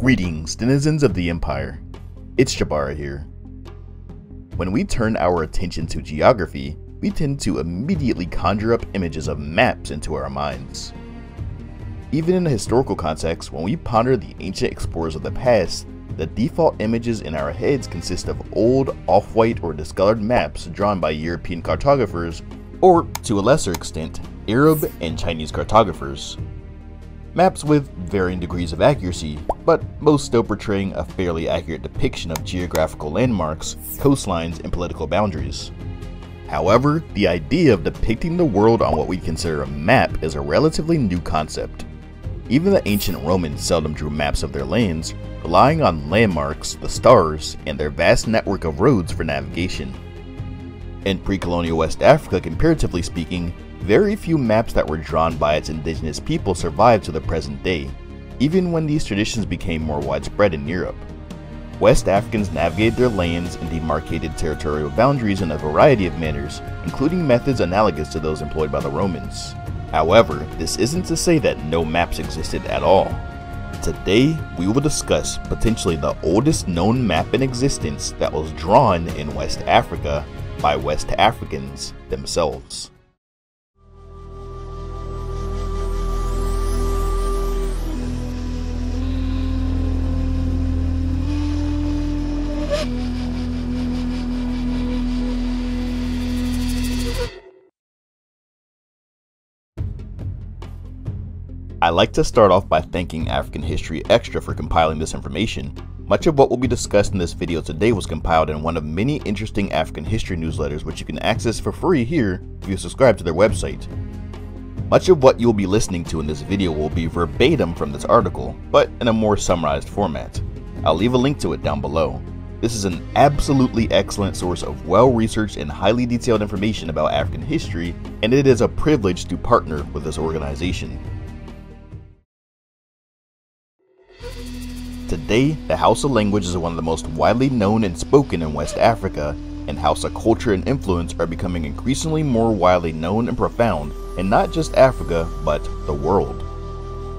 Greetings, denizens of the Empire. It's Jabara here. When we turn our attention to geography, we tend to immediately conjure up images of maps into our minds. Even in a historical context, when we ponder the ancient explorers of the past, the default images in our heads consist of old, off-white, or discolored maps drawn by European cartographers, or, to a lesser extent, Arab and Chinese cartographers maps with varying degrees of accuracy, but most still portraying a fairly accurate depiction of geographical landmarks, coastlines, and political boundaries. However, the idea of depicting the world on what we consider a map is a relatively new concept. Even the ancient Romans seldom drew maps of their lands, relying on landmarks, the stars, and their vast network of roads for navigation. In pre-colonial West Africa, comparatively speaking, very few maps that were drawn by its indigenous people survive to the present day, even when these traditions became more widespread in Europe. West Africans navigated their lands and demarcated territorial boundaries in a variety of manners, including methods analogous to those employed by the Romans. However, this isn't to say that no maps existed at all. Today, we will discuss potentially the oldest known map in existence that was drawn in West Africa by West Africans themselves. I like to start off by thanking African History Extra for compiling this information. Much of what will be discussed in this video today was compiled in one of many interesting African history newsletters which you can access for free here if you subscribe to their website. Much of what you'll be listening to in this video will be verbatim from this article, but in a more summarized format. I'll leave a link to it down below. This is an absolutely excellent source of well-researched and highly detailed information about African history, and it is a privilege to partner with this organization. Today, the Hausa language is one of the most widely known and spoken in West Africa, and Hausa culture and influence are becoming increasingly more widely known and profound in not just Africa, but the world.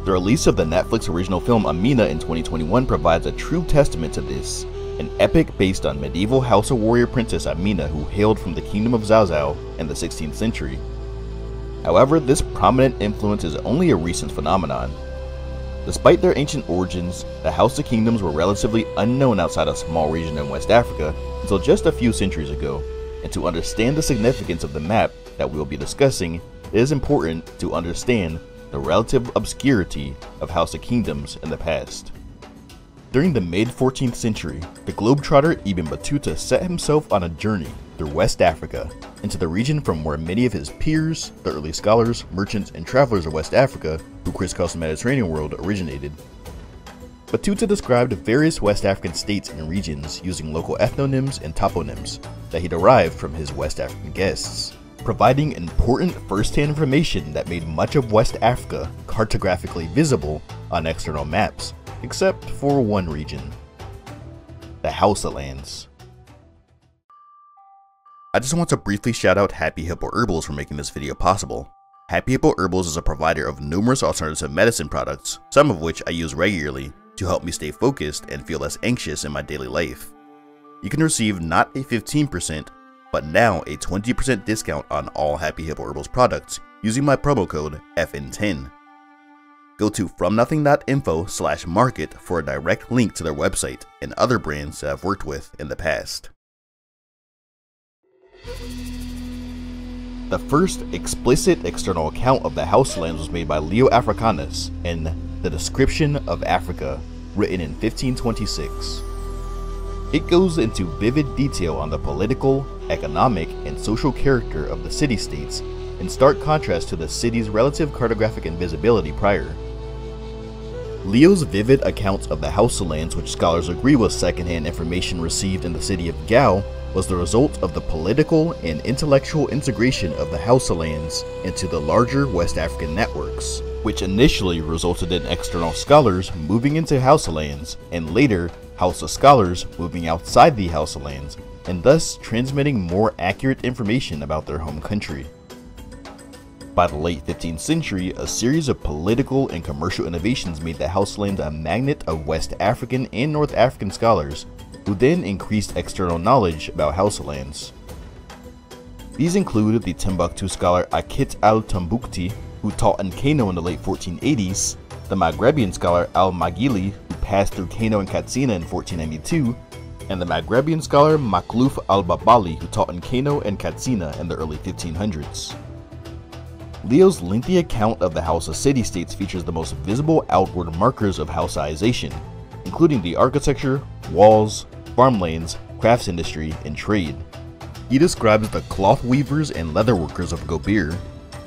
The release of the Netflix original film Amina in 2021 provides a true testament to this, an epic based on medieval Hausa warrior princess Amina who hailed from the kingdom of Zauzau in the 16th century. However, this prominent influence is only a recent phenomenon, Despite their ancient origins, the Hausa kingdoms were relatively unknown outside a small region in West Africa until just a few centuries ago, and to understand the significance of the map that we will be discussing, it is important to understand the relative obscurity of Hausa kingdoms in the past. During the mid-14th century, the globetrotter Ibn Battuta set himself on a journey through West Africa, into the region from where many of his peers, the early scholars, merchants, and travelers of West Africa who crisscrossed the Mediterranean world, originated. Batuta described various West African states and regions using local ethnonyms and toponyms that he derived from his West African guests, providing important first-hand information that made much of West Africa cartographically visible on external maps, except for one region, the Hausa lands. I just want to briefly shout out Happy Hippo Herbals for making this video possible. Happy Hippo Herbals is a provider of numerous alternative medicine products, some of which I use regularly to help me stay focused and feel less anxious in my daily life. You can receive not a 15%, but now a 20% discount on all Happy Hippo Herbals products using my promo code FN10. Go to fromnothing.info slash market for a direct link to their website and other brands that I've worked with in the past. The first explicit external account of the house lands was made by Leo Africanus in The Description of Africa, written in 1526. It goes into vivid detail on the political, economic, and social character of the city-states in stark contrast to the city's relative cartographic invisibility prior Leo's vivid accounts of the lands, which scholars agree was secondhand information received in the city of Gao, was the result of the political and intellectual integration of the lands into the larger West African networks, which initially resulted in external scholars moving into lands and later Hausa scholars moving outside the lands, and thus transmitting more accurate information about their home country. By the late 15th century, a series of political and commercial innovations made the Houseland a magnet of West African and North African scholars, who then increased external knowledge about Houselands. These included the Timbuktu scholar Akit al-Tambukti, who taught in Kano in the late 1480s, the Maghrebian scholar al-Maghili, who passed through Kano and Katsina in 1492, and the Maghrebian scholar Makluf al-Babali, who taught in Kano and Katsina in the early 1500s. Leo's lengthy account of the House of city-states features the most visible outward markers of houseization, including the architecture, walls, farm lanes, crafts industry, and trade. He describes the cloth weavers and leather workers of Gobir,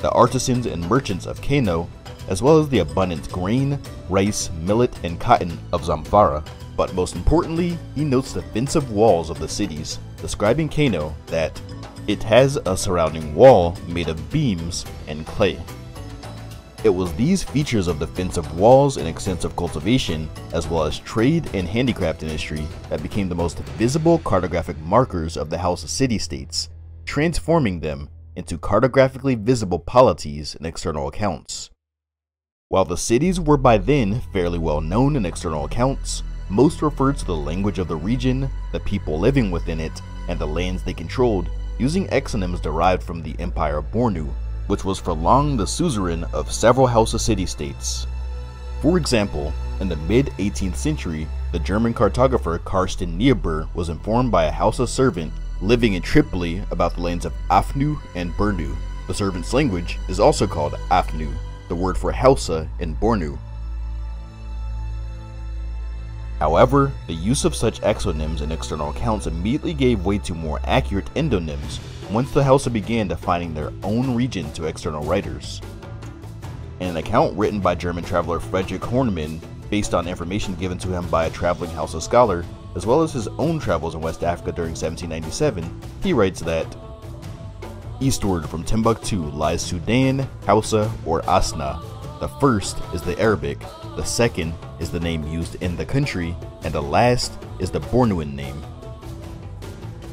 the artisans and merchants of Kano, as well as the abundant grain, rice, millet, and cotton of Zamfara. But most importantly, he notes the defensive walls of the cities, describing Kano that it has a surrounding wall made of beams and clay. It was these features of defensive walls and extensive cultivation, as well as trade and handicraft industry, that became the most visible cartographic markers of the House city-states, transforming them into cartographically visible polities and external accounts. While the cities were by then fairly well known in external accounts, most referred to the language of the region, the people living within it, and the lands they controlled using exonyms derived from the Empire of Bornu, which was for long the suzerain of several Hausa city-states. For example, in the mid-18th century, the German cartographer Karsten Niebuhr was informed by a Hausa servant living in Tripoli about the lands of Afnu and Bornu. The servant's language is also called Afnu, the word for Hausa in Bornu, However, the use of such exonyms in external accounts immediately gave way to more accurate endonyms once the Hausa began defining their own region to external writers. In an account written by German traveler Frederick Hornemann, based on information given to him by a traveling Hausa scholar, as well as his own travels in West Africa during 1797, he writes that Eastward from Timbuktu lies Sudan, Hausa, or Asna. The first is the Arabic, the second is the name used in the country, and the last is the Borneo name.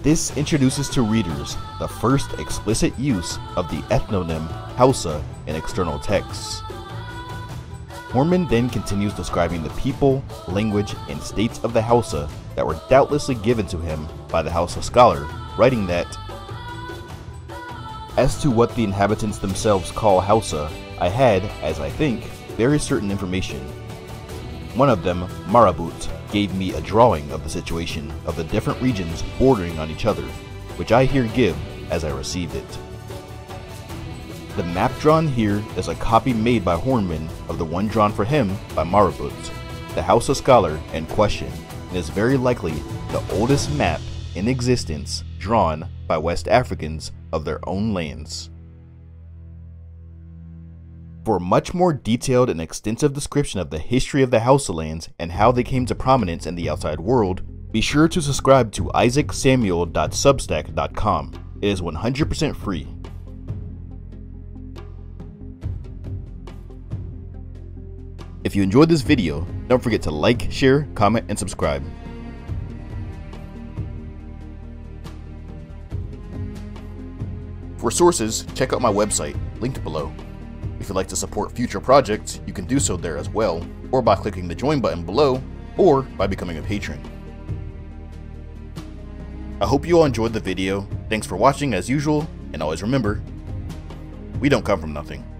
This introduces to readers the first explicit use of the ethnonym Hausa in external texts. Hormann then continues describing the people, language, and states of the Hausa that were doubtlessly given to him by the Hausa scholar, writing that As to what the inhabitants themselves call Hausa, I had, as I think, very certain information one of them, Marabut, gave me a drawing of the situation of the different regions bordering on each other, which I here give as I received it. The map drawn here is a copy made by Hornman of the one drawn for him by Marabut, the Hausa scholar in question, and is very likely the oldest map in existence drawn by West Africans of their own lands. For a much more detailed and extensive description of the history of the Lands and how they came to prominence in the outside world, be sure to subscribe to isaacsamuel.substack.com. It is 100% free. If you enjoyed this video, don't forget to like, share, comment, and subscribe. For sources, check out my website, linked below you'd like to support future projects, you can do so there as well, or by clicking the join button below, or by becoming a patron. I hope you all enjoyed the video, thanks for watching as usual, and always remember, we don't come from nothing.